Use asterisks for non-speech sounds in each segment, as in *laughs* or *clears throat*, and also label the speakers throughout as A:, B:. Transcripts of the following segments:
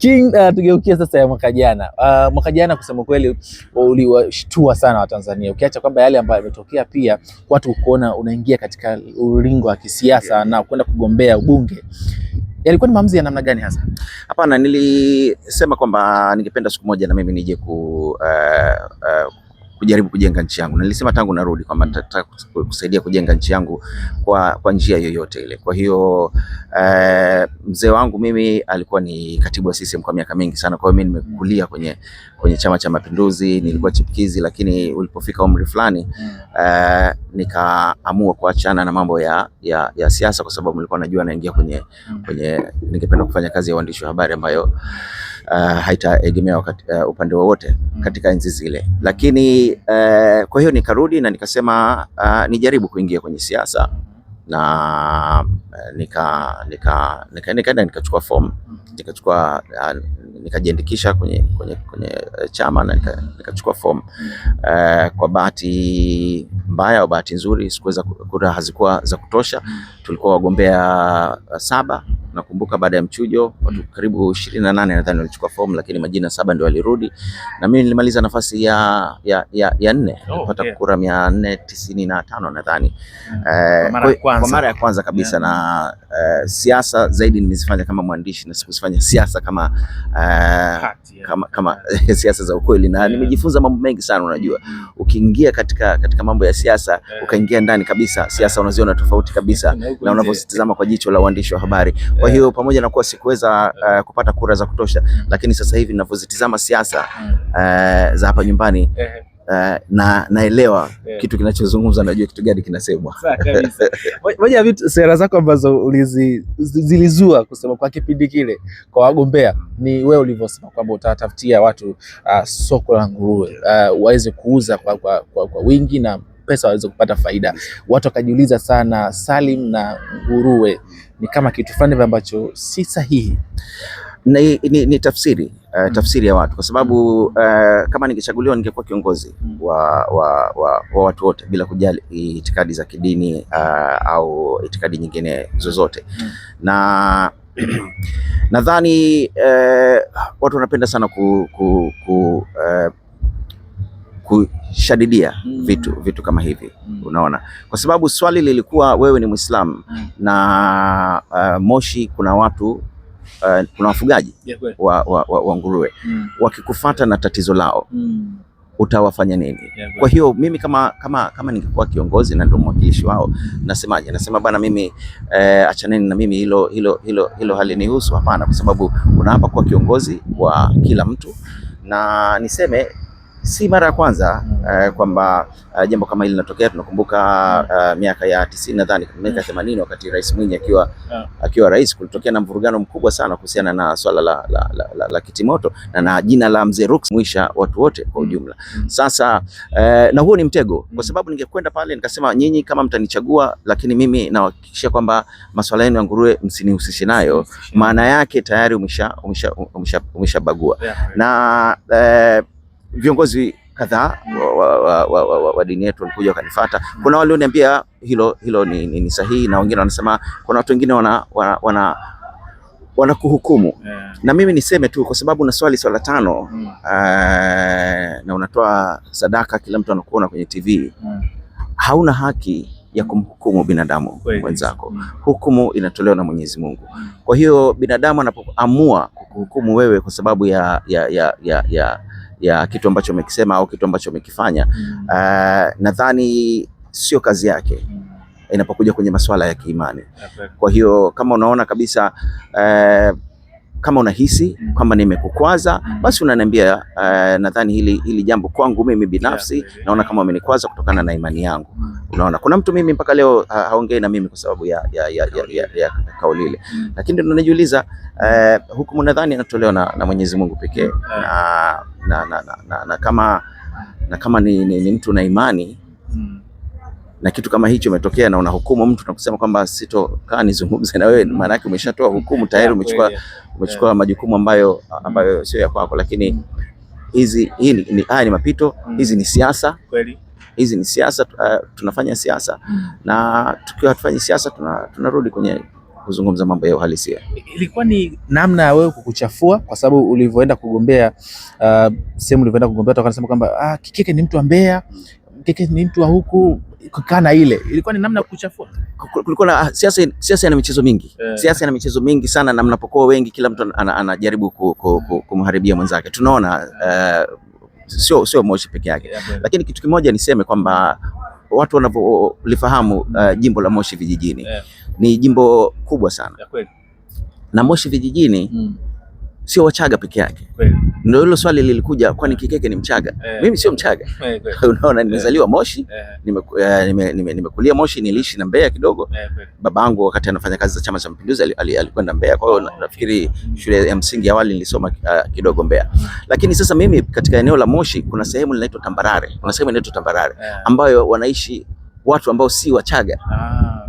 A: King, uh, tugeukia sasa ya mwaka jana. Uh, mwaka jana kusema kweli uh, uliwashtua sana Watanzania, ukiacha kwamba yale ambayo yametokea, pia watu kuona unaingia katika ulingo wa kisiasa na kwenda kugombea ubunge yalikuwa ni maamuzi ya namna gani hasa?
B: Hapana, nilisema kwamba ningependa siku moja na mimi nije ku, uh, uh, kujaribu kujenga nchi yangu, na nilisema tangu narudi kwamba mm. nataka kusaidia kujenga nchi yangu kwa, kwa njia yoyote ile. Kwa hiyo uh, mzee wangu mimi alikuwa ni katibu wa CCM kwa miaka mingi sana, kwa hiyo mimi nimekulia mm. kwenye, kwenye Chama cha Mapinduzi, mm. nilikuwa chipukizi, lakini ulipofika umri fulani uh, nikaamua kuachana na mambo ya, ya, ya siasa kwa sababu nilikuwa najua naingia kwenye, kwenye ningependa kufanya kazi ya uandishi wa habari ambayo uh, haitaegemea uh, upande wowote mm. katika enzi zile, lakini uh, kwa hiyo nikarudi na nikasema uh, nijaribu kuingia kwenye siasa na eh, nika nika, nika, nika nikachukua fomu mm. nikachukua uh, nikajiandikisha kwenye, kwenye, kwenye eh, chama na nikachukua nika fomu uh, eh, kwa bahati mbaya au bahati nzuri sikuweza, kura hazikuwa za kutosha. Mm. Tulikuwa wagombea saba nakumbuka, baada ya mchujo mm. watu karibu 28 na nadhani walichukua fomu, lakini majina saba ndio walirudi, na mimi nilimaliza nafasi ya, ya, ya, ya nne. Oh, nilipata okay, kura 495 nadhani uh, kwanza. Kwa mara ya kwanza kabisa yeah. Na uh, siasa zaidi nimezifanya kama mwandishi na sikuzifanya siasa kama, uh, eh, yeah. kama kama *laughs* *laughs* siasa za ukweli na yeah. Nimejifunza mambo mengi sana unajua, mm Ukiingia katika, katika mambo ya siasa yeah. Ukaingia ndani kabisa siasa unaziona tofauti kabisa yeah. *laughs* Na unavyozitazama kwa jicho la uandishi wa habari yeah. Kwa hiyo pamoja na kuwa sikuweza uh, kupata kura za kutosha, mm. lakini sasa hivi ninavyozitazama siasa uh, za hapa nyumbani yeah. Eh, na naelewa yeah, kitu kinachozungumza, najua kitu gani kinasemwa.
A: *laughs* Moja ya vitu sera zako ambazo zilizua kusema kwa kipindi kile kwa wagombea ni wewe ulivyosema kwamba utawatafutia watu uh, soko la nguruwe uh, waweze kuuza kwa, kwa, kwa, kwa wingi na pesa waweze kupata faida. Watu wakajiuliza sana, Salim na nguruwe ni kama kitu fulani ambacho si sahihi.
B: Ni, ni, ni tafsiri uh, tafsiri ya watu kwa sababu uh, kama ningechaguliwa ningekuwa kiongozi mm. wa, wa, wa, wa watu wote bila kujali itikadi za kidini uh, au itikadi nyingine zozote mm. na *clears throat* nadhani uh, watu wanapenda sana ku, ku, ku uh, kushadidia mm. vitu vitu kama hivi mm. Unaona, kwa sababu swali lilikuwa wewe ni Muislamu mm. na uh, Moshi kuna watu uh, kuna wafugaji yeah, wa, wa, wa, wa nguruwe mm. wakikufata na tatizo lao mm. utawafanya nini? yeah, kwa hiyo mimi kama, kama, kama ningekuwa kiongozi na ndio mwakilishi wao mm. nasemaje? Nasema bana mimi eh, achaneni na mimi hilo, hilo, hilo, hilo halinihusu. Hapana, kwa sababu unaapa kuwa kiongozi wa kila mtu na niseme si mara ya kwanza uh, kwamba uh, jambo kama hili linatokea. Tunakumbuka uh, miaka ya tisini nadhani miaka themanini wakati Rais Mwinyi akiwa akiwa rais kulitokea na mvurugano mkubwa sana kuhusiana na swala la, la, la, la, la kitimoto na, na jina la mzee Rux mwisha watu wote kwa mm. ujumla. Mm. Sasa uh, na huo ni mtego, kwa mm. sababu ningekwenda pale nikasema nyinyi kama mtanichagua, lakini mimi nawahakikishia kwamba masuala yenu ya nguruwe msinihusishe nayo, maana yake tayari umesha umesha umeshabagua na uh, viongozi kadhaa wa, wa, wa, wa, wa dini yetu walikuja wakanifuata. Kuna walioniambia hilo hilo ni, ni, ni sahihi, na wengine wanasema, kuna watu wengine wana, wana, wana wanakuhukumu yeah. Na mimi niseme tu kwa sababu swali swala tano mm. Uh, na unatoa sadaka, kila mtu anakuona kwenye TV mm. hauna haki ya kumhukumu binadamu mwenzako mm. Hukumu inatolewa na Mwenyezi Mungu. Mm. Kwa hiyo binadamu anapoamua kukuhukumu wewe kwa sababu ya, ya, ya, ya, ya ya kitu ambacho amekisema au kitu ambacho amekifanya mm. Uh, nadhani sio kazi yake inapokuja kwenye masuala ya kiimani. Kwa hiyo kama unaona kabisa uh, kama unahisi mm. kwamba nimekukwaza, mm. basi unaniambia uh, nadhani hili, hili jambo kwangu mimi binafsi naona kama umenikwaza kutokana na imani yangu. Mm. Unaona, kuna mtu mimi mpaka leo haongei na mimi kwa sababu ya, ya, ya, ya, ya, ya kauli ile, lakini tunajiuliza uh, eh, hukumu nadhani inatolewa na, na Mwenyezi Mungu pekee na, na, na, na, na, na kama na kama ni, ni, ni mtu na imani na kitu kama hicho umetokea na unahukumu mtu na kusema kwamba sitokaa nizungumze na wewe, maana yake umeshatoa hukumu tayari, umechukua umechukua majukumu ambayo ambayo mm. sio ya kwako. Lakini mm. hizi hii ni, haya ni mapito, mm. hizi ni siasa kweli, hizi ni siasa. Uh, tunafanya siasa mm. na tukiwa hatufanyi siasa tuna, tunarudi kwenye kuzungumza mambo ya uhalisia.
A: Ilikuwa ni namna ya wewe kukuchafua kwa sababu ulivyoenda kugombea uh, sehemu ulivyoenda kugombea, tukasema kwamba ah, Kikeke ni mtu wa Mbeya, Kikeke ni mtu wa huku kana ile ilikuwa ni namna kuchafua.
B: Kulikuwa na ah, siasa, siasa ina michezo mingi yeah. Siasa ina michezo mingi sana, na mnapokuwa wengi, kila mtu anajaribu kumharibia mwenzake. Tunaona uh, sio sio Moshi peke yake yeah, lakini kitu kimoja niseme kwamba watu wanavyolifahamu uh, jimbo la Moshi vijijini yeah. Ni jimbo kubwa sana yeah, na Moshi vijijini mm. Sio Wachaga peke yake ndio hilo swali lilikuja, kwani Kikeke ni Mchaga? yeah. Mimi sio Mchaga. yeah. *laughs* Unaona, nimezaliwa eh. Moshi. yeah. Nimekulia eh, nime, nime, nime Moshi, niliishi na Mbeya kidogo. yeah. Babangu wakati anafanya kazi za Chama cha Mapinduzi alikwenda Mbeya, kwa hiyo ah, nafikiri mm. shule ya msingi awali nilisoma uh, kidogo Mbeya. Mm. Lakini sasa mimi katika eneo la Moshi kuna sehemu linaitwa Tambarare, kuna sehemu inaitwa Tambarare yeah. ambayo wanaishi watu ambao si Wachaga. ah,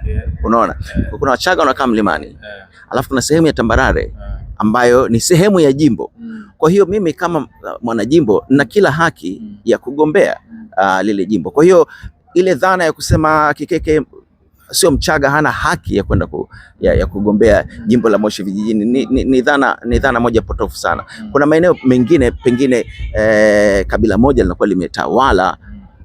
B: okay. Unaona, yeah. kuna Wachaga wanakaa mlimani. yeah. Alafu kuna sehemu ya Tambarare yeah ambayo ni sehemu ya jimbo. Mm. Kwa hiyo mimi kama uh, mwanajimbo na kila haki mm. ya kugombea mm. uh, lile jimbo. Kwa hiyo ile dhana ya kusema Kikeke sio Mchaga hana haki ya kwenda ku, ya, ya kugombea jimbo la Moshi vijijini ni, ni, ni, dhana, ni dhana moja potofu sana. Kuna maeneo mengine pengine eh, kabila moja linakuwa limetawala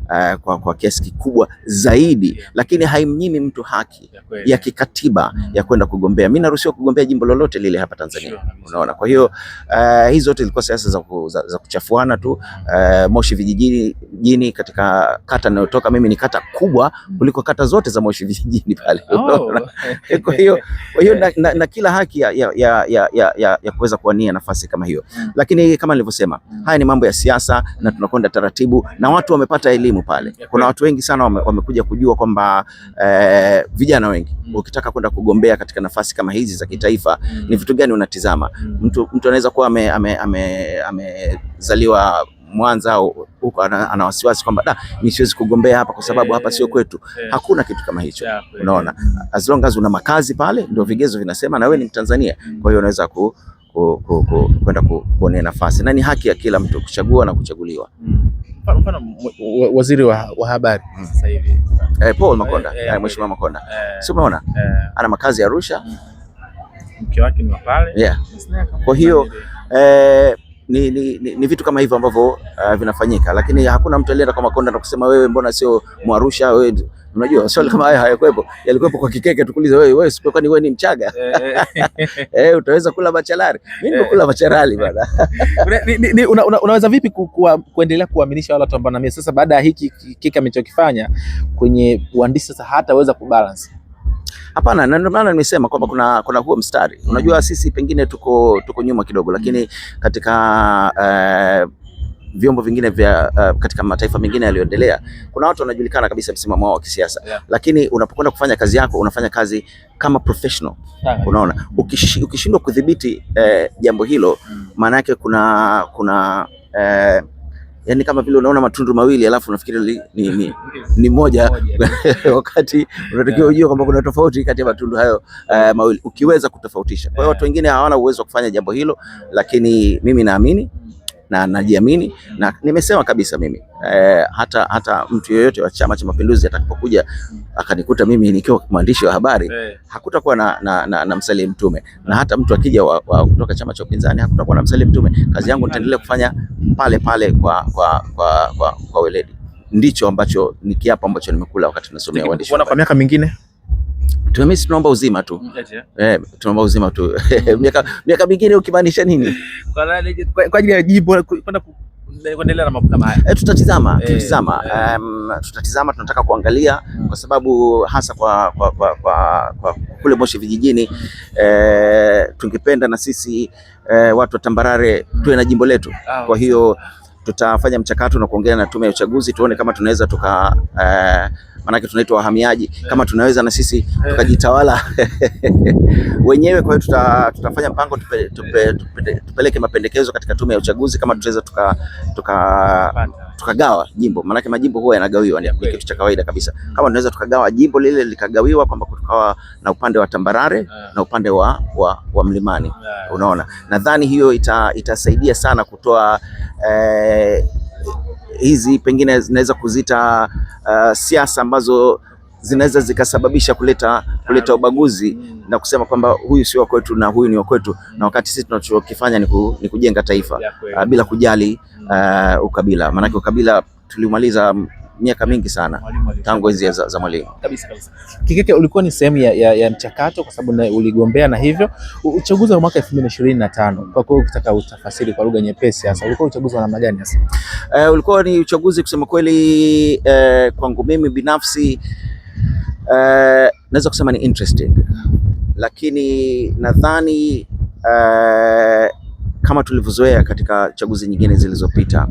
B: uh, kwa, kwa kiasi kikubwa zaidi yeah. Lakini haimnyimi mtu haki ya, ya kikatiba mm. ya kwenda kugombea. Mimi naruhusiwa kugombea jimbo lolote lile hapa Tanzania sure. Unaona, kwa hiyo uh, hizo zote zilikuwa siasa za, za, za kuchafuana tu uh, Moshi vijijini, jini katika kata inayotoka mimi ni kata kubwa mm. kuliko kata zote za Moshi vijijini pale oh. *laughs* *laughs* kwa hiyo kwa hiyo na, na, na kila haki ya, ya, ya, ya, ya, ya kuweza kuwania nafasi kama hiyo, mm. lakini kama nilivyosema, mm. haya ni mambo ya siasa na tunakwenda taratibu na watu wamepata elimu elimu pale. Kuna watu wengi sana wamekuja wame, kujua kwamba eh, vijana wengi mm. ukitaka kwenda kugombea katika nafasi kama hizi za kitaifa mm. ni vitu gani unatizama? mm. Mtu, mtu anaweza kuwa amezaliwa ame, ame, ame Mwanza huko ana ana wasiwasi kwamba da, ni siwezi kugombea hapa kwa sababu hapa sio eh, kwetu. Eh. Hakuna kitu kama hicho, unaona, as long as una makazi pale, ndio vigezo vinasema, na wewe ni Mtanzania, mm. kwa hiyo unaweza ku kwenda ku, ku, ku, kuonea nafasi, na ni haki ya kila mtu kuchagua na kuchaguliwa. Mm
A: mfano waziri wa, wa habari mm. sasa
B: hivi eh, Paul eh, Makonda eh, eh, eh, mheshimiwa Makonda eh, si umeona eh, ana makazi ya Arusha mm.
A: mke wake ni pale
B: yeah. kwa hiyo eh, ni, ni, ni, ni vitu kama hivyo ambavyo uh, vinafanyika, lakini hakuna mtu alienda kwa Makonda na kusema wewe, mbona sio Mwarusha wewe Unajua maswali ah. kama haya hayakuepo, yalikuwepo kwa kikeke tukuliza wewe wewe, sio kwani wewe ni Mchaga eh, eh, eh. *laughs* eh utaweza kula bachalari? Mimi ndio kula machalari bana.
A: *laughs* Unaweza vipi kuendelea kuaminisha wale watu ambao na mimi sasa, baada ya hiki kikeke amechokifanya kwenye uandishi, sasa hataweza kubalance?
B: Hapana, na ndio maana nimesema kwamba kuna, kuna huo mstari. Unajua mm. sisi pengine tuko, tuko nyuma kidogo, lakini mm. katika uh, vyombo vingine vya uh, katika mataifa mengine yaliyoendelea, kuna watu wanajulikana kabisa msimamo wao wa kisiasa yeah. Lakini unapokwenda kufanya kazi yako unafanya kazi kama professional yeah. Unaona, ukishindwa kudhibiti eh, jambo hilo mm. maana mm. yake kuna kuna eh, yani kama vile unaona matundu mawili alafu unafikiri ni, ni, *laughs* ni moja *laughs* wakati unatakiwa ujue kwamba kuna tofauti kati ya matundu hayo uh, mawili, ukiweza kutofautisha. Kwa hiyo watu wengine hawana uwezo wa kufanya jambo hilo, mm. lakini mimi naamini na najiamini mm. na nimesema kabisa mimi e, hata, hata mtu yeyote wa Chama cha Mapinduzi atakapokuja mm. akanikuta mimi nikiwa mwandishi wa habari eh. hakutakuwa na, na, na, na msalimu Mtume, na mm. hata mtu akija kutoka chama cha upinzani hakutakuwa na msalimu Mtume. Kazi yangu nitaendelea kufanya pale pale kwa, kwa, kwa, kwa, kwa weledi. Ndicho ambacho ni kiapo ambacho nimekula wakati nasomea uandishi
A: kwa miaka mingine
B: Tumemisi, tunaomba uzima tu mm, eh, tunaomba uzima tu *laughs* mm. miaka miaka mingine ukimaanisha nini
A: kwa ajili ya jibu kwenda kuendelea na mambo kama haya
B: eh, tutatizama eh, tutatizama um, tutatizama, tunataka kuangalia mm. kwa sababu hasa kwa, kwa, kwa, kwa, kwa kule Moshi vijijini eh, tungependa na sisi eh, watu wa Tambarare tuwe na jimbo letu, ah, kwa hiyo tutafanya mchakato na kuongea na tume ya uchaguzi tuone kama tunaweza tuka eh, maanake tunaitwa wahamiaji. Kama tunaweza na sisi tukajitawala *laughs* wenyewe, kwa hiyo tuta, tutafanya mpango tupe, tupe, tupe, tupeleke mapendekezo katika tume ya uchaguzi, kama tutaweza tuka, tuka, tukagawa jimbo, maanake majimbo huwa yanagawiwa, ni kitu cha kawaida kabisa. Mm. Kama tunaweza tukagawa jimbo lile likagawiwa kwamba kutukawa na upande wa tambarare na upande wa, wa, wa mlimani, unaona, nadhani hiyo ita, itasaidia sana kutoa eh, hizi pengine zinaweza kuzita uh, siasa ambazo zinaweza zikasababisha kuleta kuleta ubaguzi na kusema kwamba huyu sio kwetu na huyu ni kwetu, na wakati sisi tunachokifanya ni, ku, ni kujenga taifa uh, bila kujali uh, ukabila, maanake ukabila tulimaliza miaka mingi sana tangu enzi za, za Mwalimu. Kabisa
A: Kikeke, ulikuwa ni sehemu ya, ya, ya mchakato kwa sababu uligombea na hivyo uchaguzi wa mwaka 2025. Kwa kweli, ukitaka utafasiri kwa lugha nyepesi hasa ulikuwa uchaguzi wa namna gani hasa?
B: Uh, ulikuwa ni uchaguzi kusema kweli, uh, kwangu mimi binafsi uh, naweza kusema ni interesting, lakini nadhani uh, kama tulivyozoea katika chaguzi nyingine zilizopita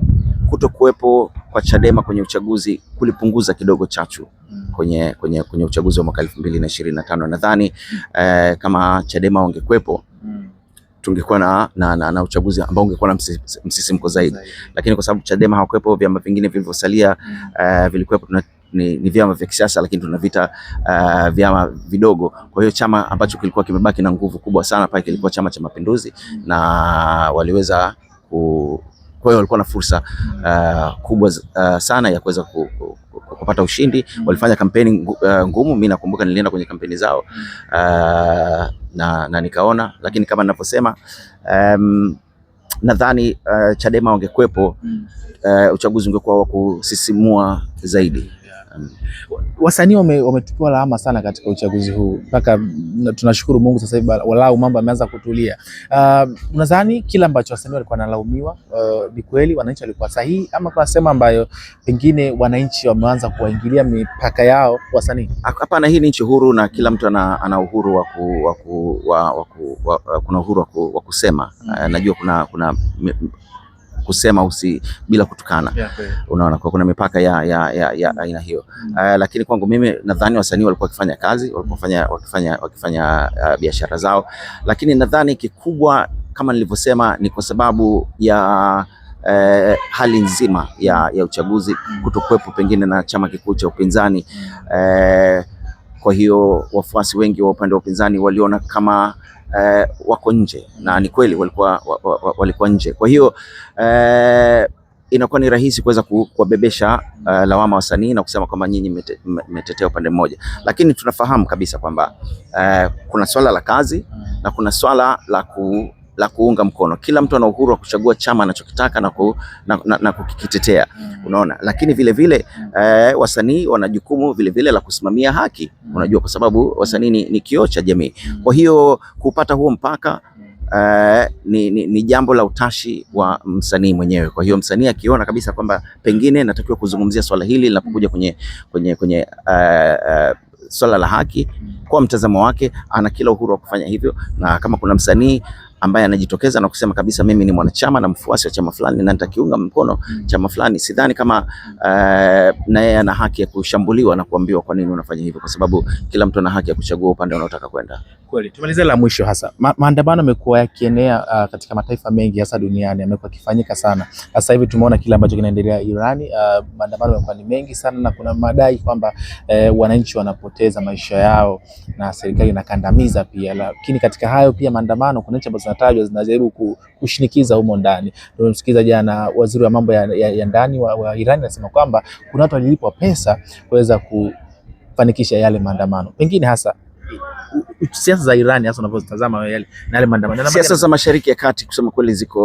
B: kuto kuwepo kwa Chadema kwenye uchaguzi kulipunguza kidogo chachu mm. kwenye, kwenye, kwenye uchaguzi wa mwaka elfu mbili na ishirini na tano. Nadhani eh, kama Chadema wangekuwepo mm. tungekuwa na, na, na, na uchaguzi ambao ungekuwa na msisimko zaidi, lakini kwa sababu Chadema hawakuwepo, vyama vingine vilivyosalia mm. eh, vilikuwepo ni, ni vyama vya kisiasa lakini tunavita uh, eh, vyama vidogo. Kwa hiyo chama ambacho kilikuwa kimebaki na nguvu kubwa sana pale kilikuwa Chama cha Mapinduzi, na waliweza ku kwa hiyo walikuwa na fursa uh, kubwa uh, sana ya kuweza ku, ku, kupata ushindi. Mm. Walifanya kampeni uh, ngumu. Mimi nakumbuka nilienda kwenye kampeni zao mm. uh, na, na nikaona, lakini kama ninavyosema um, nadhani uh, Chadema wangekuwepo mm. uh, uchaguzi ungekuwa wa kusisimua zaidi.
A: Wasanii wametupiwa lawama sana katika uchaguzi huu, mpaka tunashukuru Mungu sasa hivi walau mambo yameanza kutulia. Uh, unadhani uh, kila ambacho wasanii walikuwa wanalaumiwa uh, ni uh, kweli wananchi walikuwa sahihi, ama kuna sehemu ambayo pengine wananchi wameanza kuwaingilia mipaka yao wasanii?
B: Hapana, hii ni nchi huru na kila mtu ana, ana uhuru wa ku, wa ku, wa, wa wa, kuna uhuru wa, ku, wa kusema. Mm. Uh, najua kuna, kuna kusema usi, bila kutukana yeah, unaona kwa kuna mipaka ya ya ya, ya aina hiyo mm. Uh, lakini kwangu mimi nadhani wasanii walikuwa wakifanya kazi walikuwa wakifanya wakifanya, wakifanya uh, biashara zao, lakini nadhani kikubwa kama nilivyosema ni kwa sababu ya Eh, hali nzima ya, ya uchaguzi mm. kutokuwepo pengine na chama kikuu cha upinzani mm. eh, kwa hiyo wafuasi wengi wa upande wa upinzani waliona kama eh, wako nje na ni kweli walikuwa, walikuwa nje. Kwa hiyo eh, inakuwa ni rahisi kuweza kuwabebesha eh, lawama wasanii na kusema kwamba nyinyi mmetetea upande mmoja, lakini tunafahamu kabisa kwamba eh, kuna swala la kazi na kuna swala la ku la kuunga mkono. Kila mtu ana uhuru wa kuchagua chama anachokitaka na, ku, na, na, na kukikitetea mm. unaona, lakini vilevile vile, mm. eh, wasanii wana jukumu vilevile la kusimamia haki, mm. unajua, kwa sababu wasanii ni, ni kioo cha jamii. mm. Kwa hiyo kupata huo mpaka Uh, ni, ni, ni jambo la utashi wa msanii mwenyewe. Kwa hiyo msanii akiona kabisa kwamba pengine natakiwa kuzungumzia swala hili linapokuja kwenye, kwenye, kwenye uh, uh, swala la haki, mm. kwa mtazamo wake ana kila uhuru wa kufanya hivyo, na kama kuna msanii ambaye anajitokeza na kusema kabisa mimi ni mwanachama na mfuasi wa chama fulani na nitakiunga mkono hmm. chama fulani, sidhani kama uh, na yeye ana haki ya kushambuliwa na kuambiwa kwa nini unafanya hivyo, kwa sababu kila mtu ana haki ya kuchagua upande unaotaka kwenda.
A: Kweli tumalize la mwisho hasa Ma, maandamano yamekuwa yakienea uh, katika mataifa mengi hasa duniani, yamekuwa kifanyika sana. Sasa hivi tumeona kile ambacho kinaendelea Irani. Uh, maandamano yamekuwa ni mengi sana na kuna madai kwamba uh, wananchi wanapoteza maisha yao na serikali inakandamiza pia, lakini katika hayo pia maandamano kuna nchi ambazo zinatajwa zinajaribu kushinikiza humo ndani. Tumemsikiza jana waziri wa mambo ya, ya, ya ndani wa, wa Irani anasema kwamba kuna watu walilipwa pesa kuweza kufanikisha yale maandamano, pengine hasa siasa za irani hasa unavyozitazama yale na yale maandamano. Siasa za Mashariki ya Kati kusema kweli ziko